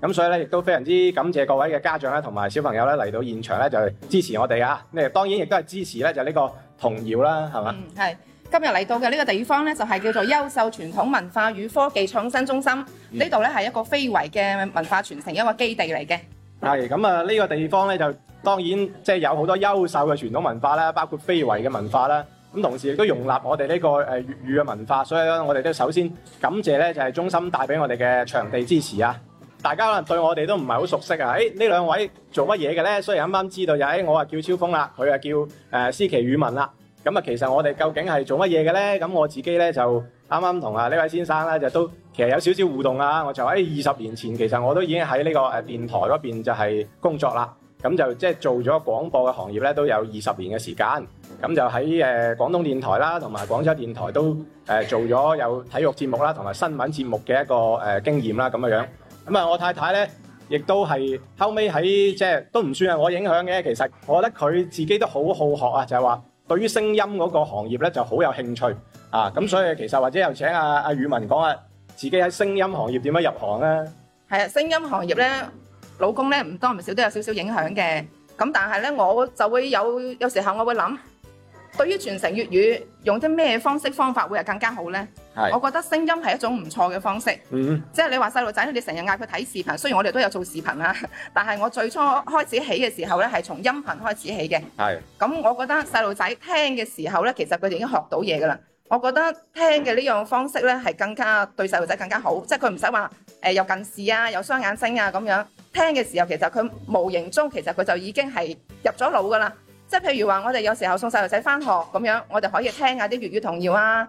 咁所以咧，亦都非常之感謝各位嘅家長咧，同埋小朋友咧嚟到現場咧，就係支持我哋啊。呢當然亦都係支持咧，就呢個童謠啦，係嘛？嗯，係。今日嚟到嘅呢個地方咧，就係叫做優秀傳統文化與科技創新中心。呢度咧係一個非遺嘅文化傳承一個基地嚟嘅。係咁啊！呢個地方咧，就當然即係有好多優秀嘅傳統文化啦，包括非遺嘅文化啦。咁同時亦都容納我哋呢個誒粵語嘅文化，所以咧，我哋都首先感謝咧，就係中心帶俾我哋嘅場地支持啊！大家可能對我哋都唔係好熟悉啊！誒呢兩位做乜嘢嘅咧？雖然啱啱知道就係我啊叫超峰啦，佢啊叫誒思琪宇文啦。咁啊，其實我哋究竟係做乜嘢嘅咧？咁我自己咧就啱啱同啊呢位先生咧就都其實有少少互動啊。我就誒二十年前其實我都已經喺呢個誒電台嗰邊就係工作啦，咁就即係做咗廣播嘅行業咧都有二十年嘅時間，咁就喺誒廣東電台啦，同埋廣州電台都誒做咗有體育節目啦，同埋新聞節目嘅一個誒經驗啦，咁嘅樣。咁啊，我太太咧，亦都係後尾喺即係都唔算係我影響嘅。其實我覺得佢自己都好好學啊，就係、是、話對於聲音嗰個行業咧就好有興趣啊。咁所以其實或者又請阿阿宇文講下、啊、自己喺聲音行業點樣入行啊？係啊，聲音行業咧，老公咧唔多唔少都有少少影響嘅。咁但係咧，我就會有有時候我會諗，對於傳承粵語，用啲咩方式方法會係更加好咧？是我覺得聲音係一種唔錯嘅方式。嗯哼，即係你話細路仔，你成日嗌佢睇視頻，雖然我哋都有做視頻啦，但係我最初開始起嘅時候呢，係從音頻開始起嘅。係是，咁、嗯、我覺得細路仔聽嘅時候呢，其實佢哋已經學到嘢噶啦。我覺得聽嘅呢樣方式呢，係更加對細路仔更加好，即係佢唔使話誒有近視啊，有雙眼睛啊咁樣。聽嘅時候，其實佢無形中其實佢就已經係入咗腦噶啦。即係譬如話，我哋有時候送細路仔返學咁樣，我哋可以聽下啲粵語童謠啊。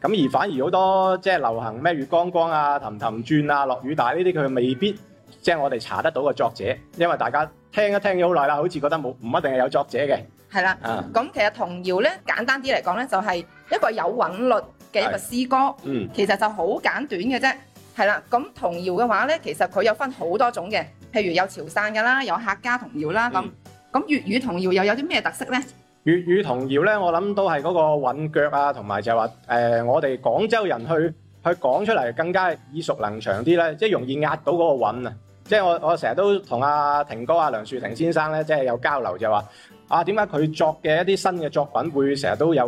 咁而反而好多即係流行咩月光光啊、氹氹轉啊、落雨大呢啲，佢未必即係我哋查得到個作者，因為大家聽一聽咗好耐啦，好似覺得冇唔一定係有作者嘅。係啦，咁其實童謠咧簡單啲嚟講咧，就係一個有韻律嘅一個詩歌，嗯，其實就好簡短嘅啫。係啦，咁童謠嘅話咧，其實佢有分好多種嘅，譬如有潮汕㗎啦，有客家童謠啦，咁咁粵語童謠又有啲咩特色咧？粵語童謠咧，我諗都係嗰個韻腳啊，同埋就係話誒，我哋廣州人去去講出嚟更加耳熟能詳啲咧，即係容易壓到嗰個韻啊。即係我我成日都同阿庭哥、阿梁樹庭先生咧，即係有交流就話啊，點解佢作嘅一啲新嘅作品會成日都有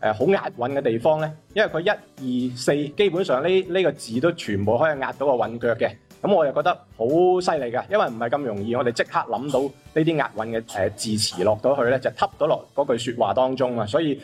誒好、呃、押韻嘅地方咧？因為佢一二四基本上呢呢個字都全部可以壓到個韻腳嘅。咁我又覺得好犀利嘅，因為唔係咁容易，我哋即刻諗到呢啲押韻嘅誒字詞落到去咧，就吸到落嗰句説話當中啊，所以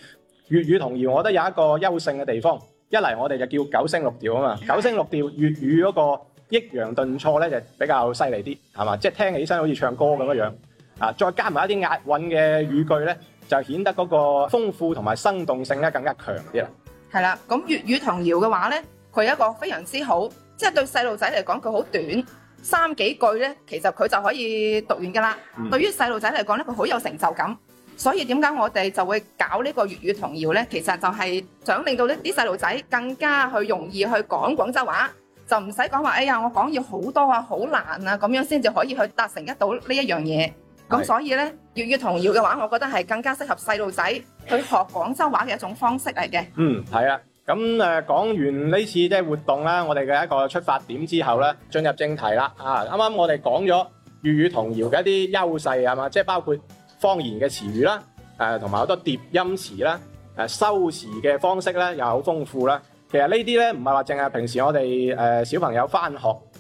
粵語童謠我覺得有一個優勝嘅地方。一嚟我哋就叫九聲六調啊嘛，九聲六調粵語嗰個抑揚頓挫咧就比較犀利啲，係嘛？即係聽起身好似唱歌咁樣樣啊，再加埋一啲押韻嘅語句咧，就顯得嗰個豐富同埋生動性咧更加強啲啦。係啦，咁粵語童謠嘅話咧，佢係一個非常之好。即係對細路仔嚟講，佢好短，三幾句呢，其實佢就可以讀完噶啦。嗯，對於細路仔嚟講呢，佢好有成就感。所以點解我哋就會搞呢個粵語童謠呢？其實就係想令到呢啲細路仔更加去容易去講廣州話，就唔使講話。哎呀，我講要好多啊，好難啊，咁樣先至可以去達成得到呢一樣嘢。咁是所以呢，粵語童謠嘅話，我覺得係更加適合細路仔去學廣州話嘅一種方式嚟嘅。嗯，係啊。咁誒講完呢次即係活動啦，我哋嘅一個出發點之後咧，進入正題啦。啊，啱啱我哋講咗粵語童謠嘅一啲優勢啊嘛，即係、就是、包括方言嘅詞語啦，誒同埋好多疊音詞啦，誒、啊、修辭嘅方式咧又好豐富啦。其實呢啲咧唔係話淨係平時我哋誒小朋友返學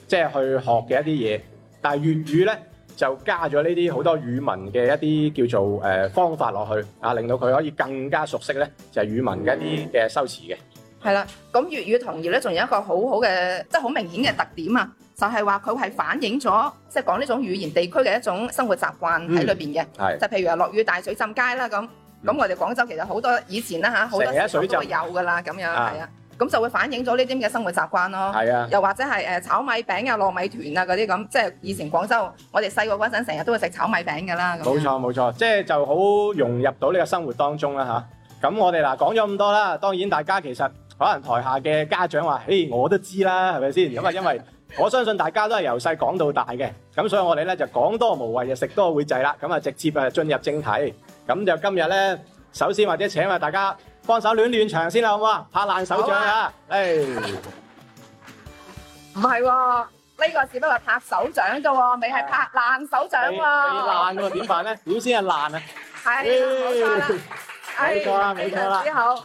即係、就是、去學嘅一啲嘢，但係粵語咧就加咗呢啲好多語文嘅一啲叫做、啊、方法落去，啊令到佢可以更加熟悉咧就係、是、語文一啲嘅修辭嘅。係啦，咁粵語童謠呢，咧，仲有一個好好嘅，即係好明顯嘅特點啊，就係話佢係反映咗，即係講呢種語言地區嘅一種生活習慣喺裏面嘅。嗯、就譬如話落雨大水浸街啦，咁咁、嗯、我哋廣州其實好多以前啦吓，好多水都有㗎啦，咁樣係啊，咁就會反映咗呢啲咁嘅生活習慣咯。啊的，又或者係炒米餅啊、糯米團啊嗰啲咁，即、就、係、是、以前廣州我哋細個嗰陣成日都會食炒米餅㗎啦。冇錯冇錯，即係樣就好、是、融入到呢個生活當中啦吓，咁我哋嗱講咗咁多啦，當然大家其實。可能台下嘅家長話，誒，我都知啦，係咪先？咁啊，因為我相信大家都係由細講到大嘅，咁所以我哋咧就講多無謂，就食多會滯啦。咁啊，直接啊進入正題。咁就今日咧，首先或者請啊大家幫手暖暖場先啦，好唔好啊？拍爛手掌啊！誒，唔係喎，呢個只不過拍手掌啫喎，你係拍爛手掌喎。爛喎，點辦咧？點先係爛啊？係，冇錯啦，冇錯啦，大家好。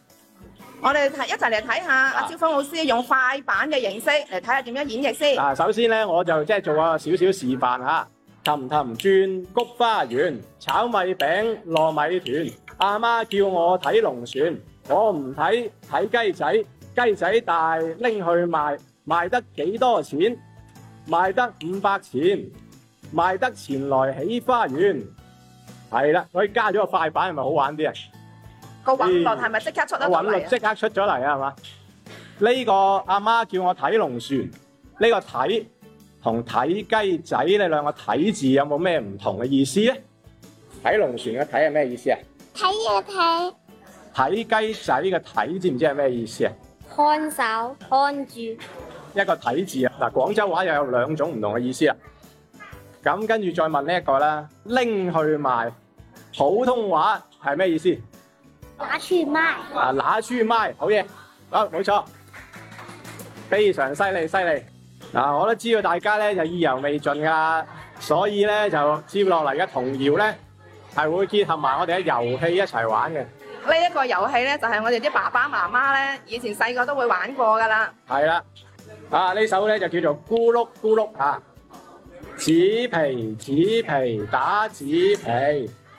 我哋一齊嚟睇下阿超峰老師用快板嘅形式嚟睇下點樣演繹先。首先咧我就即係做個少少示範下氹氹轉菊花園，炒米餅糯米團，阿媽叫我睇龍船，我唔睇睇雞仔，雞仔大拎去賣，賣得幾多錢？賣得五百錢，賣得錢來起花園。係啦，佢加咗個快板係咪好玩啲啊？個雲雲係咪即刻出得嚟啊？即刻出咗嚟啊，係嘛？呢個阿媽叫我睇龍船，呢個睇同睇雞仔，呢兩個睇字有冇咩唔同嘅意思咧？睇龍船嘅睇係咩意思啊？睇啊睇！睇雞仔係個睇，知唔知係咩意思啊？看守、看住。一個睇字啊，嗱，廣州話又有兩種唔同嘅意思啊。咁跟住再問呢一個啦，拎去賣，普通話係咩意思？拿出賣，啊拿出賣，好嘢，好冇錯，非常犀利犀利。嗱，我都知道大家咧就意猶未盡噶，所以咧就接落嚟嘅童謠咧係會結合埋我哋嘅遊戲一齊玩嘅。呢一個遊戲咧就係我哋啲爸爸媽媽咧以前細個都會玩過噶啦。係啦，啊呢首咧就叫做咕碌咕碌吓，紙皮紙皮打紙皮。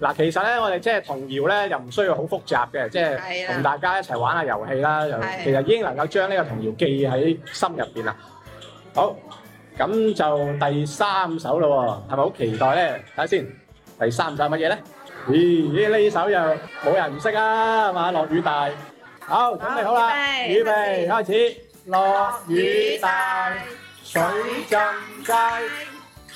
嗱，其實咧，我哋即係童謠咧，又唔需要好複雜嘅，即係同大家一齊玩下遊戲啦。又其實已經能夠將呢個童謠記喺心入邊啦。好，咁就第三首咯喎，係咪好期待咧？睇下先，第三首係乜嘢咧？咦，呢首又冇人唔識啊，係嘛？落雨大，好，準備好啦，預備開始，落雨大，水浸街。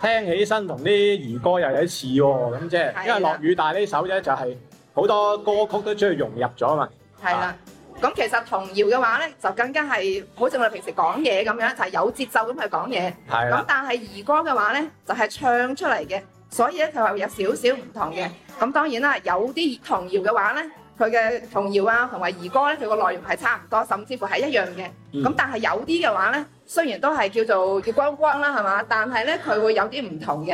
聽起身同啲兒歌又有啲似喎，咁即係因為落雨大，但係呢首咧就係好多歌曲都將佢融入咗啊嘛。係啦，咁其實童謠嘅話咧，就更加係好似我哋平時講嘢咁樣，就係有節奏咁去講嘢。係啦。咁但係兒歌嘅話咧，就係唱出嚟嘅，所以咧佢話有少少唔同嘅。咁當然啦，有啲童謠嘅話咧，佢嘅童謠啊同埋兒歌咧，佢個內容係差唔多，甚至乎係一樣嘅。咁但係有啲嘅話咧。雖然都係叫做月光光啦，係嘛？但係咧佢會有啲唔同嘅。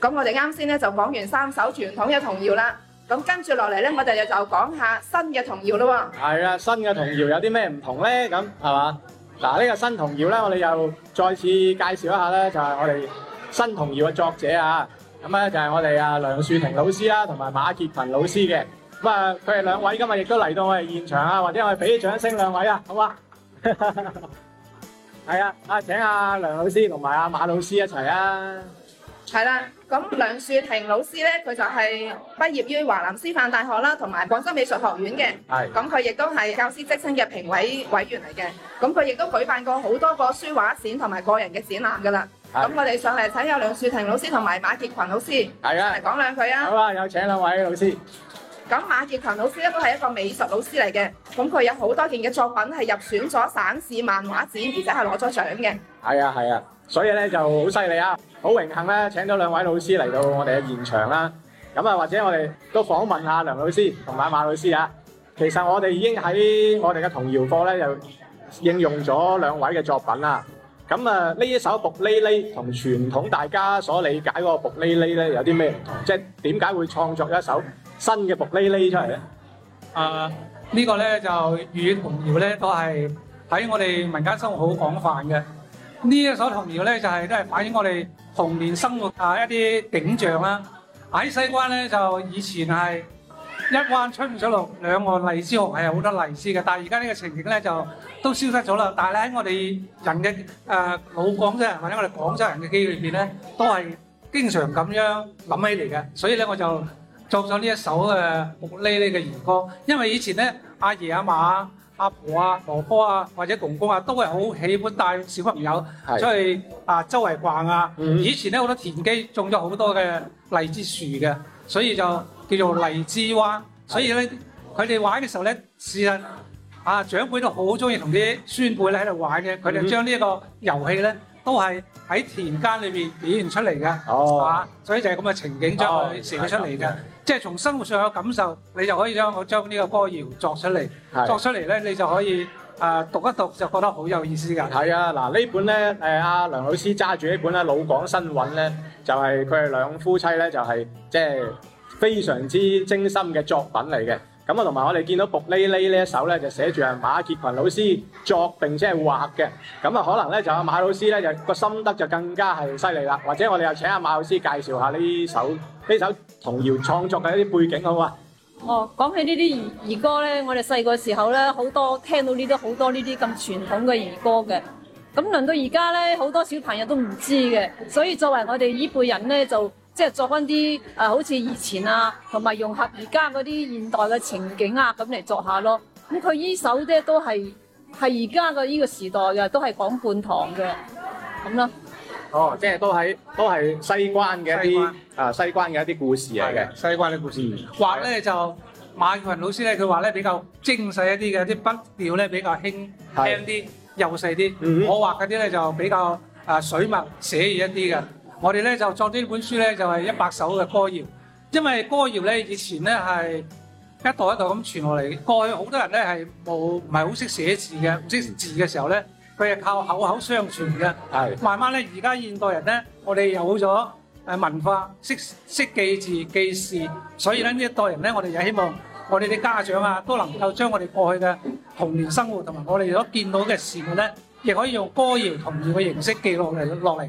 咁我哋啱先咧就講完三首傳統嘅童謠啦。咁跟住落嚟咧，我哋就就講下新嘅童謠咯喎。係啊，新嘅童謠有啲咩唔同咧？咁係嘛？嗱，呢個新童謠咧，我哋又再次介紹一下咧，就係我哋新童謠嘅作者啊。咁咧就係我哋啊梁樹庭老師啦，同埋馬傑羣老師嘅。咁啊，佢哋兩位今日亦都嚟到我哋現場啊，或者我哋俾啲掌聲兩位啊，好嘛？係啊，啊請阿梁老師同埋阿馬老師一齊啊。係啦，咁梁樹庭老師咧，佢就係畢業於華南師範大學啦，同埋廣州美術學院嘅。係。咁佢亦都係教師職稱嘅評委委員嚟嘅。咁佢亦都舉辦過好多個書畫展同埋個人嘅展覽噶啦。咁我哋上嚟睇下梁樹庭老師同埋馬傑群老師，係啊，嚟講兩句啊。好啊，有請兩位老師。咁馬傑群老師咧，都係一個美術老師嚟嘅，咁佢有好多件嘅作品係入選咗省市漫畫展，而且係攞咗獎嘅。係啊，係啊，所以咧就好犀利啊！好榮幸咧請咗兩位老師嚟到我哋嘅現場啦。咁啊，或者我哋都訪問下梁老師同埋馬老師啊。其實我哋已經喺我哋嘅童謠課咧，又應用咗兩位嘅作品啦。咁啊，呢一首《卜哩哩》同傳統大家所理解嗰個《卜哩哩》咧，有啲咩唔同，即係點解會創作一首？新嘅木喱喱出嚟咧，啊呢個咧就寓意童謠咧都係喺我哋民間生活好廣泛嘅。呢一首童謠咧就係都係反映我哋童年生活啊一啲景象啦。喺西關咧就以前係一灣春水綠，兩岸荔枝紅，係有好多荔枝嘅。但係而家呢個情景咧就都消失咗啦。但係咧喺我哋人嘅誒老廣州人或者我哋廣州人嘅記憶裏邊咧，都係經常咁樣諗起嚟嘅。所以咧我就，做咗呢一首嘅木呢呢嘅兒歌，因為以前咧阿爺阿嫲阿婆啊、婆婆啊或者公公啊，都係好喜歡帶小朋友出去的啊周圍逛啊。嗯、以前咧好多田基種咗好多嘅荔枝樹嘅，所以就叫做荔枝灣。的所以咧佢哋玩嘅時候咧，事實啊長輩都好中意同啲孫輩咧喺度玩嘅，佢哋將呢個遊戲咧都係喺田間裏面表現出嚟嘅，係嘛、哦啊？所以就係咁嘅情景將佢寫出嚟嘅。即係從生活上有感受，你就可以將我將呢個歌謠作出嚟，係，作出嚟咧，你就可以啊讀一讀，就覺得好有意思㗎。係啊，嗱呢本咧，誒阿梁老師揸住呢本咧《老廣新韻》咧，就係佢哋兩夫妻咧就係即係非常之精心嘅作品嚟嘅。咁啊，同埋我哋見到《卜哩哩》呢一首咧，就寫住係馬傑群老師作並且係畫嘅。咁啊，可能咧就阿馬老師咧就個心得就更加係犀利啦。或者我哋又請阿馬老師介紹下呢首呢首童謠創作嘅一啲背景好嘛？哦，講起呢啲兒歌咧，我哋細個時候咧好多聽到呢啲好多呢啲咁傳統嘅兒歌嘅。咁輪到而家咧，好多小朋友都唔知嘅。所以作為我哋依輩人咧，就～即係作翻啲誒，好似以前啊，同埋融合而家嗰啲現代嘅情景啊，咁嚟作下咯。咁佢呢首咧都係係而家嘅呢個時代嘅，都係講泮塘嘅咁咯。哦，即係都喺都係西關嘅一啲關啊，西關嘅一啲故事嚟嘅，的西關嘅故事畫咧就馬國雲老師咧，佢話咧比較精細一啲嘅，啲筆調咧比較輕輕啲、的幼細啲。嗯、哼我畫嗰啲咧就比較啊水墨寫意一啲嘅。我哋咧就作呢本書咧，就係一百首嘅歌謠。因為歌謠咧，以前咧係一代一代咁傳落嚟。過去好多人咧係冇唔係好識寫字嘅，唔識字嘅時候咧，佢係靠口口相傳嘅，係慢慢咧，而家現代人咧，我哋有咗誒文化，識識記字記事，所以咧呢一代人咧，我哋又希望我哋啲家長啊，都能夠將我哋過去嘅童年生活同埋我哋所見到嘅事物咧，亦可以用歌謠童謠嘅形式記錄落嚟落嚟。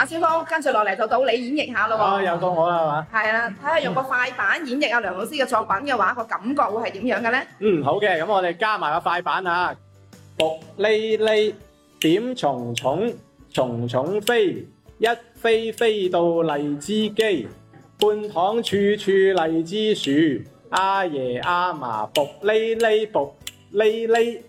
馬小芳，跟住落嚟就到你演繹下咯喎。啊，又到我啦，係嘛？係啦，睇下用個快板演繹阿梁老師嘅作品嘅話，個感覺會係點樣嘅咧？嗯，好嘅，咁我哋加埋個快板啊！卜哩哩點蟲蟲，蟲蟲飛，一飛飛到荔枝基，半塘處處荔枝樹，阿爺阿嫲卜哩哩卜哩哩。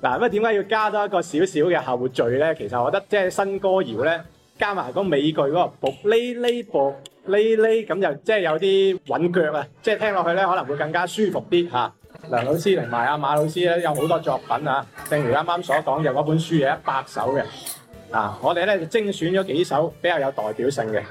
嗱，咁啊，點解要加多一個少少嘅後序咧？其實我覺得即係新歌謠咧。加埋嗰美句嗰個部，呢呢部呢呢咁，就即係有啲韻腳啊！即係聽落去咧可能會更加舒服啲吓。梁老師同埋阿馬老師咧有好多作品啊，正如啱啱所講就嗰本書嘅一百首嘅。嗱，我哋咧就精選咗幾首比較有代表性嘅。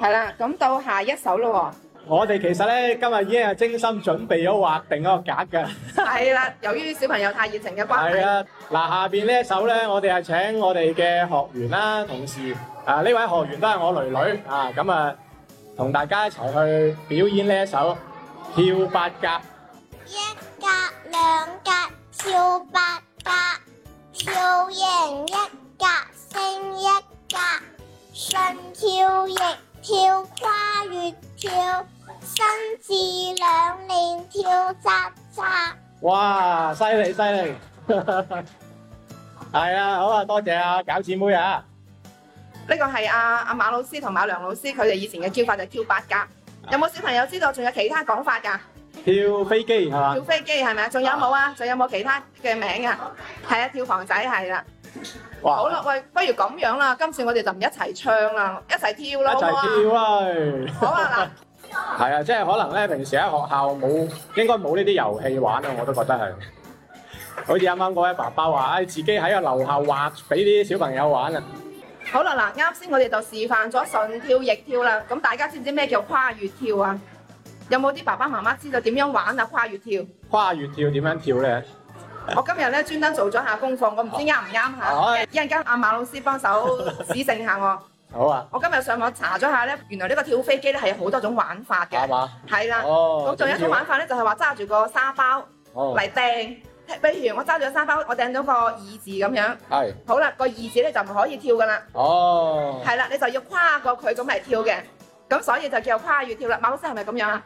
係啦，咁到下一首啦喎。我哋其實咧今日已經係精心準備咗劃定嗰個格噶。係啦，由於小朋友太熱情嘅關係。係啦，嗱，下邊呢一首咧，我哋係請我哋嘅學員啦，同時啊，呢位學員都係我囡囡啊，咁啊同大家一齊去表演呢一首跳八格。一格兩格跳八格，跳贏一格升一格，順跳翼。跳跨越跳，身至兩年跳紮紮，跳扎扎。哇，犀利犀利！係 啊，好啊，多謝啊，餃子妹啊。呢個係阿阿馬老師同馬良老師，佢哋以前嘅叫法就叫八格。啊、有冇小朋友知道仲有其他講法噶？跳飛機係嘛？跳飛機係咪？仲有冇啊？仲有冇其他嘅名字啊？係啊，跳房仔係啦。好啦，喂，不如咁樣啦，今次我哋就唔一齊唱啦，一齊跳啦，好啊？一齊跳啊！好啊，嗱，係啊，即係可能咧，平時喺學校冇，應該冇呢啲遊戲玩啦，我都覺得係。好似啱啱嗰位爸爸話，唉，自己喺個樓下畫俾啲小朋友玩啊。好啦，嗱，啱先我哋就示範咗順跳、逆跳啦，咁大家知唔知咩叫跨越跳啊？有冇啲爸爸媽媽知道點樣玩啊？跨越跳？跨越跳點樣跳咧？ 我今日咧專登做咗下功課，我唔知啱唔啱嚇。 一陣間阿馬老師幫手指正下我。 好啊。我今日上網查咗下咧，原來呢個跳飛機咧係有好多種玩法嘅。係嘛？係啦。哦。咁仲有一種玩法咧，就係話揸住個沙包嚟掟。譬、哦、如我揸住個沙包，我掟到個二字咁樣。係是。好啦，個二字咧就唔可以跳噶啦。哦。係啦，你就要跨過佢咁嚟跳嘅。咁所以就叫跨越跳啦。馬老師係咪咁樣啊？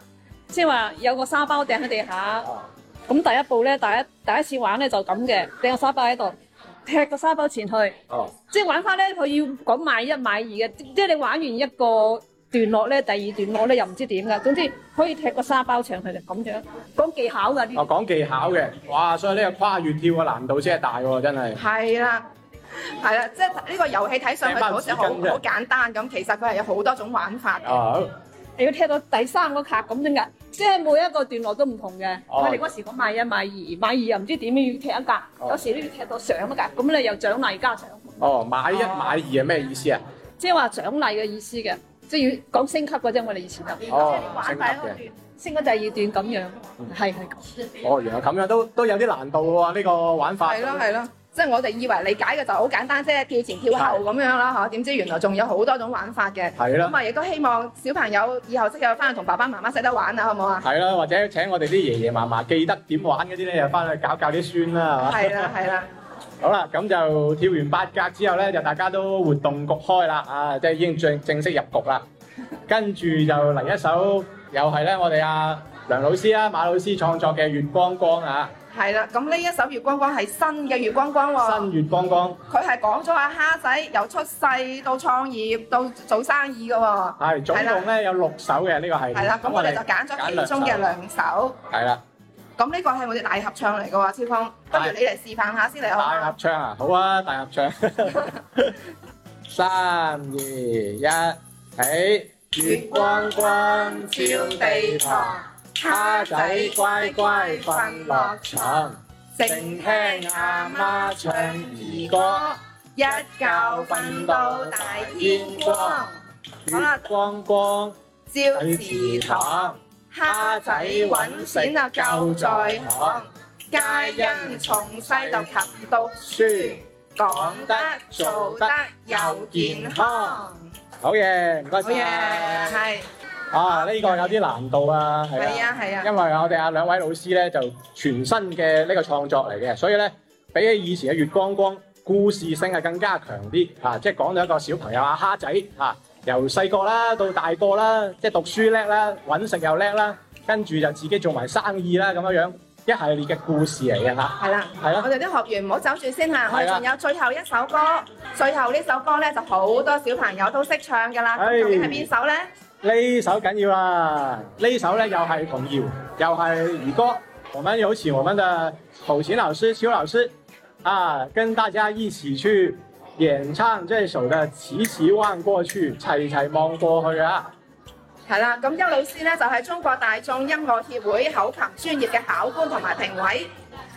即係話有個沙包掟喺地下。 咁第一步咧，第一第一次玩咧就咁嘅，掟個沙包喺度，踢個沙包前去。哦，即係玩翻咧，佢要講買一買二嘅，即係你玩完一個段落咧，第二段落咧又唔知點噶。總之可以踢個沙包前去咁樣，講技巧嘅。哦，講技巧嘅，哇！所以呢個跨越跳嘅難度真係大喎，真係。係啦，係啦，即係呢個遊戲睇上去好似好好簡單咁，其實佢係有好多種玩法嘅。又要踢到第三個格咁樣噶，即係每一個段落都唔同嘅。我哋嗰時講買一買二，買二又唔知點樣要踢一格，哦、有時都要踢到上一格。咁你又獎勵加上。哦，買一買二係咩意思啊？嗯、即係話獎勵嘅意思嘅，即係要講升級嘅啫。我哋以前就、哦、玩嘅，升級，升級第二段咁樣，係係、嗯、哦，原來咁樣都都有啲難度喎、啊、呢、這個玩法。係咯係咯。即係我哋以為理解嘅就好簡單啫，跳前跳後咁樣啦嚇，點知原來仲有好多種玩法嘅。係咯。咁啊，亦都希望小朋友以後識咗翻去同爸爸媽媽識得玩啊，好冇啊？係啦，或者請我哋啲爺爺嫲嫲記得點玩嗰啲咧，就翻去搞搞啲孫啦，係嘛？係啦，係啦。好啦，咁就跳完八格之後咧，就大家都活動局開啦，啊，即係已經正正式入局啦。跟住就嚟一首，又係咧，我哋阿梁老師啊、馬老師創作嘅《月光光》啊。係啦，咁呢一首《月光光》係新嘅《月光光》喎。新月光光。佢係講咗阿蝦仔由出世到創業到做生意嘅喎。係，總共咧有六首嘅呢個係。係啦，咁我哋就揀咗其中嘅兩首。係啦。咁呢個係我哋大合唱嚟嘅喎，超風不如你嚟示範下先嚟，好。大合唱啊，好啊，大合唱。三二一，起！月光光，照地堂。蝦仔乖乖瞓落床，靜吃聽阿媽唱兒歌，一覺瞓到大天光，月好光光照祠堂。蝦時仔穩醒就夠在行，皆因從細就勤讀書，講得做得又健康。好嘢，唔該晒。好嘢，係。啊，呢個有啲難度啊，係啊，因為我哋啊兩位老師咧就全新嘅呢個創作嚟嘅，所以咧比起以前嘅月光光，故事性係更加強啲啊，即係講咗一個小朋友啊，蝦仔啊，由細個啦到大個啦，即係讀書叻啦，揾食又叻啦，跟住就自己做埋生意啦，咁樣樣一系列嘅故事嚟嘅吓，係啦的，係啦的，我哋啲學員唔好走住先吓，的我哋仲有最後一首歌，的最後呢首歌咧就好多小朋友都識唱噶啦，是的究竟係邊首咧？這首重啊、這首呢首緊要啦，呢首咧又係童謠，又係兒歌。我們有請我們的口琴老師肖老師，啊，跟大家一起去演唱這首的齊齊望過去，齊齊望過去啊！係啦，咁肖老師咧就係、是、中國大眾音樂協會口琴專業嘅考官同埋評委，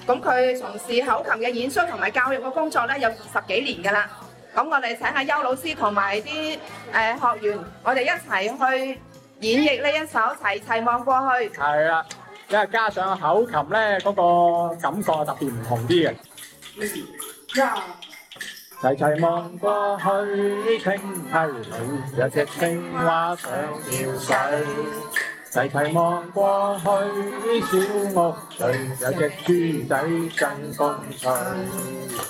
咁佢從事口琴嘅演出同埋教育嘅工作咧有二十幾年㗎啦。咁我哋請阿邱老師同埋啲誒學員，我哋一齊去演繹呢一首《齊齊望過去》。係啦，因為加上口琴咧，嗰個感覺特別唔同啲嘅。一 Yeah. 齊齊望過去，青溪裏有隻青蛙想跳水；齊齊望過去，小屋裏有隻豬仔真乾脆。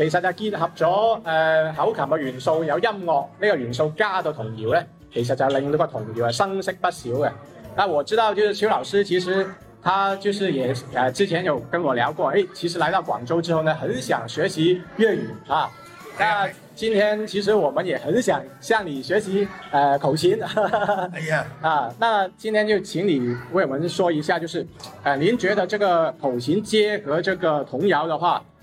其實就結合咗誒、呃、口琴嘅元素，有音樂呢、這個元素加到童謠咧，其實就令呢個童謠係生色不少嘅。那，我知道，就是邱老師，其實他就是也、啊、之前有跟我聊過，哎、其實來到廣州之後呢，很想學習粵語啊。那今天其實我們也很想向你學習、呃、口琴。哈哈哎、呀啊，那今天就請你為我們說一下，就是您、啊、覺得這個口琴結合這個童謠的話，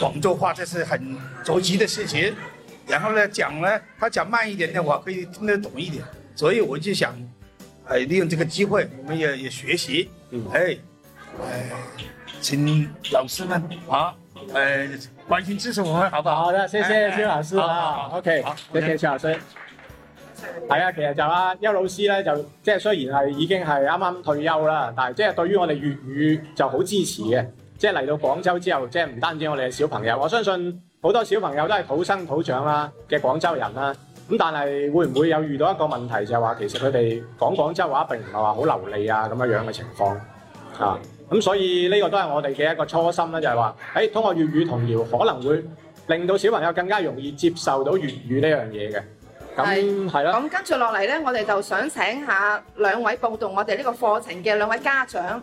廣州話這是很着急的事情，然後呢講呢，他講慢一點的話可以聽得懂一點，所以我就想，哎，利用這個機會，我們也也學習，嗯，哎，哎，請老師們啊，哎關心支持我們好不好好的，謝謝謝、哎、老師啊好，OK，謝謝肖老師，係啊，其實就啊，邱老師呢就，即係雖然係已經係啱啱退休啦，但係即係對於我哋粵語就好支持嘅。即係嚟到廣州之後，即係唔單止我哋嘅小朋友，我相信好多小朋友都係土生土長啦嘅廣州人啦。咁但係會唔會有遇到一個問題，就係話其實佢哋講廣州話並唔係話好流利啊咁樣樣嘅情況啊。咁所以呢個都係我哋嘅一個初心啦，就係話，誒通過粵語童謠可能會令到小朋友更加容易接受到粵語呢樣嘢嘅。咁係啦。咁跟住落嚟咧，我哋就想請下兩位報讀我哋呢個課程嘅兩位家長。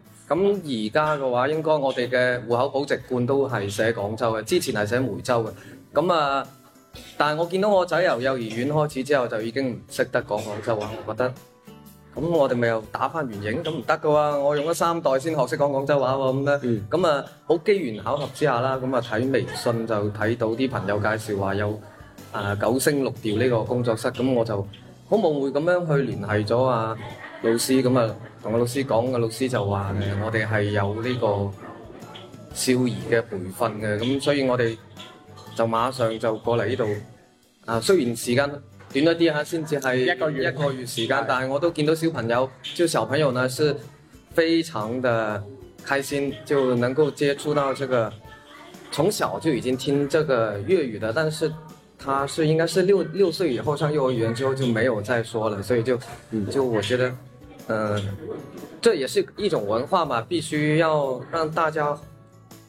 咁而家嘅話，應該我哋嘅戶口簿籍貫都係寫廣州嘅，之前係寫梅州嘅。咁啊，但係我見到我仔由幼兒園開始之後，就已經唔識得講廣州話，我覺得。咁我哋咪又打返原形，咁唔得㗎喎！我用咗三代先學識講廣州話喎，咁咧。咁啊，好機緣巧合之下啦，咁啊睇微信就睇到啲朋友介紹話有啊九星六調呢個工作室，咁我就好冒昧咁樣去聯繫咗啊。老師咁啊，同個老師講，個老師就話誒，我哋係有呢個少兒嘅培訓嘅，咁所以我哋就馬上就過嚟呢度。啊，雖然時間短咗啲嚇，先至係一個月一個月，一個月時間，對但係我都見到小朋友，就小朋友呢，是非常的開心，就能夠接觸到這個，從小就已經聽這個粵語的，但是他是應該是六六歲以後上幼兒園之後就沒有再說了，所以就嗯，就我覺得。嗯，這也是一種文化嘛，必須要讓大家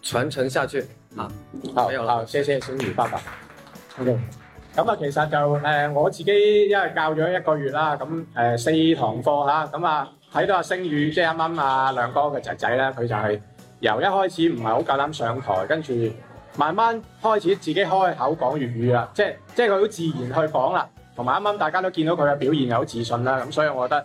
傳承下去啊。好，有好，謝謝星宇爸爸。O K，咁啊，其實就誒、呃，我自己因為教咗一個月啦，咁、嗯、誒、呃、四堂課啦，咁、嗯、啊睇到阿星宇，即係啱啱阿亮哥嘅仔仔咧，佢就係由一開始唔係好夠膽上台，跟住慢慢開始自己開口講粵語啦，即係即係佢好自然去講啦，同埋啱啱大家都見到佢嘅表現又好自信啦，咁、嗯、所以我覺得。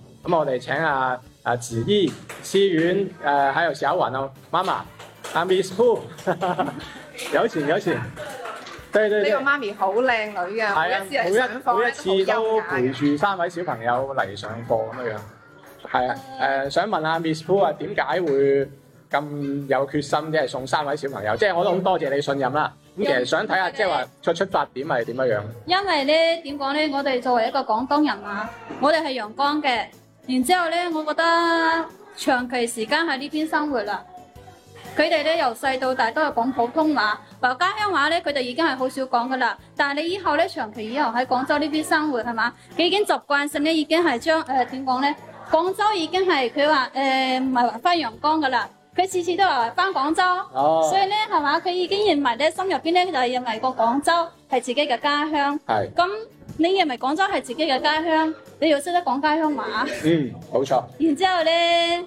咁我哋請阿、啊、阿、啊、子逸、思遠，誒、嗯，還有、呃、小雲哦，媽媽，阿 Miss Po，有請有請。呢個媽咪好靚女嘅、啊，每一次上每一次都陪住三位小朋友嚟上課咁樣。係啊，誒、嗯呃，想問下 Miss Po 啊，點解會咁有決心，即係送三位小朋友？即係、嗯、我都好多謝你信任啦。咁、嗯、其實想睇下，即係話出出發點係點樣樣？因為咧，點講咧？我哋作為一個廣東人啊，我哋係陽光嘅。然之後呢，我覺得長期時間喺呢邊生活啦，佢哋呢由細到大都係講普通話，話家鄉話呢佢哋已經係好少講噶啦。但係你以後呢長期以後喺廣州呢邊生活係嘛，佢已經習慣性咧，已經係將誒點講呢，廣州已經係佢話誒唔係話翻陽江噶啦，佢次次都話翻廣州，哦、所以呢係嘛，佢已經認為心裏呢，心入邊呢就係認為個廣州係自己嘅家鄉，係咁是。你認為廣州係自己嘅家鄉，你又識得講家鄉話？嗯，冇錯。然之後咧，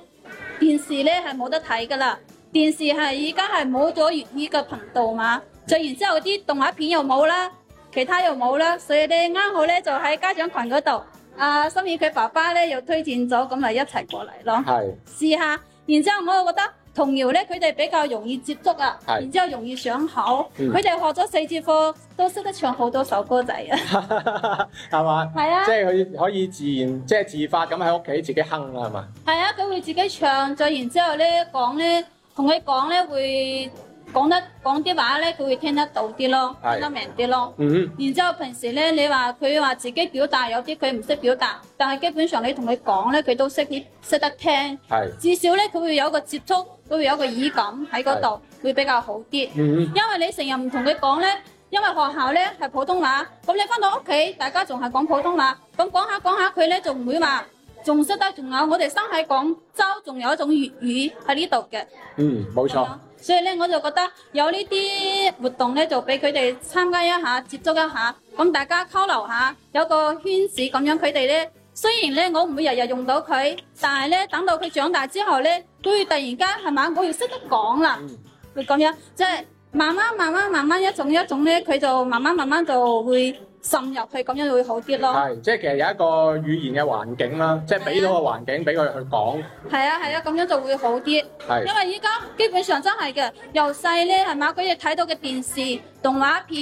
電視咧係冇得睇噶啦，電視係而家係冇咗粵語嘅頻道嘛。再然之後啲動畫片又冇啦，其他又冇啦，所以咧啱好咧就喺家長群嗰度，啊，心以佢爸爸咧又推薦咗，咁咪一齊過嚟咯，係是試下。然之後我又覺得。童謠咧，佢哋比較容易接觸啊，是然之後容易上口，佢哋學咗四節課都識得唱好多首歌仔啊，係嘛？係啊，即係佢可以自然即係、就是、自發咁喺屋企自己哼啦，係嘛？係啊，佢會自己唱，再然之後咧講咧，同佢講咧會。講得講啲話咧，佢會聽得到啲咯，是聽得明啲咯。嗯哼，然之後平時咧，你話佢話自己表達，有啲佢唔識表達，但係基本上你同佢講咧，佢都識啲，識得聽。係是，至少咧佢會有個接觸，佢會有個耳感喺嗰度，是會比較好啲。嗯哼，因為你成日唔同佢講咧，因為學校咧係普通話，咁你翻到屋企大家仲係講普通話，咁講下講下佢咧就唔會話。仲識得仲有，我哋生喺廣州，仲有一種粵語喺呢度嘅。嗯，冇錯。所以咧，我就覺得有呢啲活動咧，就俾佢哋參加一下、接觸一下，咁大家交流下，有個圈子咁樣呢，佢哋咧雖然咧我唔會日日用到佢，但係咧等到佢長大之後咧，都會突然間係嘛，我要識得講啦，嗯，會咁樣即係、就是、慢慢、慢慢、慢慢一種一種咧，佢就慢慢、慢慢就會。滲入去，咁樣就會好啲咯。係，即係其實有一個語言嘅環境啦，是的即係俾到個環境俾佢的去講說。係啊，係啊，咁樣就會好啲。係的。因為依家基本上真係嘅，由細咧係嘛，佢哋睇到嘅電視、動畫片，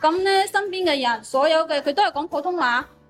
咁咧，身邊嘅人，所有嘅佢都係講普通話。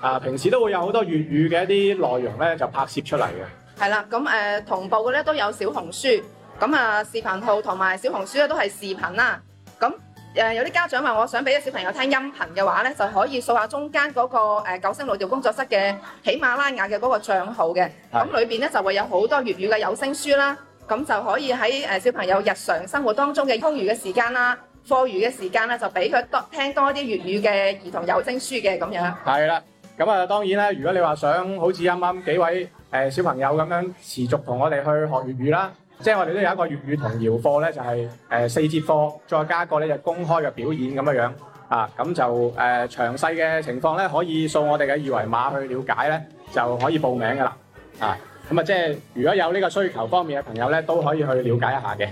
啊，平時都會有好多粵語嘅一啲內容咧，就拍攝出嚟嘅。係啦，咁誒同步嘅咧都有小紅書，咁啊視頻號同埋小紅書咧都係視頻啦。咁誒有啲家長話我想俾啲小朋友聽音頻嘅話咧，就可以掃下中間嗰個誒《九星老調工作室》嘅喜馬拉雅嘅嗰個帳號嘅。咁裏邊咧就會有好多粵語嘅有聲書啦。咁就可以喺誒小朋友日常生活當中嘅空餘嘅時間啦、課餘嘅時間咧，就俾佢多聽多啲粵語嘅兒童有聲書嘅咁樣。係啦。咁啊，當然啦。如果你話想好似啱啱幾位誒小朋友咁樣持續同我哋去學粵語啦，即係我哋都有一個粵語童謠課咧，就係、是、誒四節課，再加個呢就公開嘅表演咁樣這樣啊，咁就誒詳細嘅情況咧，可以掃我哋嘅二維碼去了解咧，就可以報名噶啦啊，咁啊，即係如果有呢個需求方面嘅朋友咧，都可以去了解一下嘅。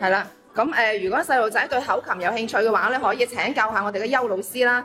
係啦，咁誒，如果細路仔對口琴有興趣嘅話咧，可以請教下我哋嘅優老師啦。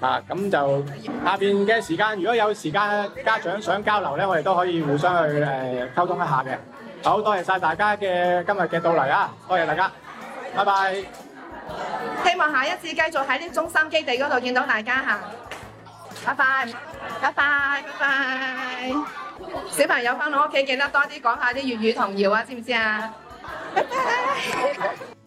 啊，咁就下邊嘅時間，如果有時間家長想交流咧，我哋都可以互相去誒溝通一下嘅。好多謝晒大家嘅今日嘅到嚟啊，多謝大家，拜拜。希望下一次繼續喺啲中心基地嗰度見到大家吓，拜拜，拜拜，拜拜。小朋友翻到屋企記得多啲講下啲粵語童謠啊，知唔知啊？拜拜。